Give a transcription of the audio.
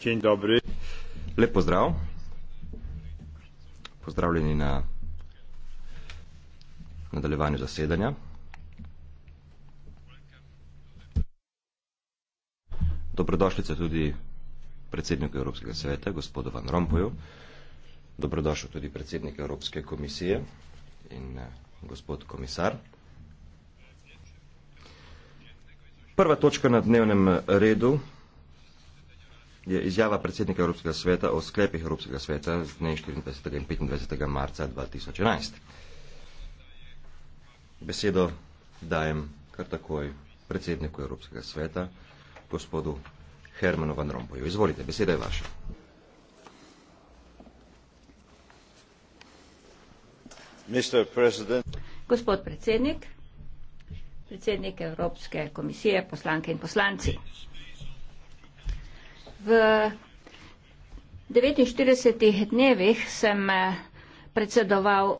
Dzień dobry. Lep pozdrav. Pozdravljeni na nadaljevanju zasedanja. Dobrodošlice tudi predsedniku Evropskega sveta, gospodu Van Rompuju. Dobrodošel tudi predsednik Evropske komisije in eh, gospod komisar. Prva točka na dnevnem eh, redu je izjava predsednika Evropskega sveta o sklepih Evropskega sveta z dne 24. in 25. marca 2011. Besedo dajem kar takoj predsedniku Evropskega sveta, gospodu Hermanu Van Rompuyu. Izvolite, beseda je vaša. Gospod predsednik, predsednik Evropske komisije, poslanke in poslanci. V 49 dnevih sem eh, predsedoval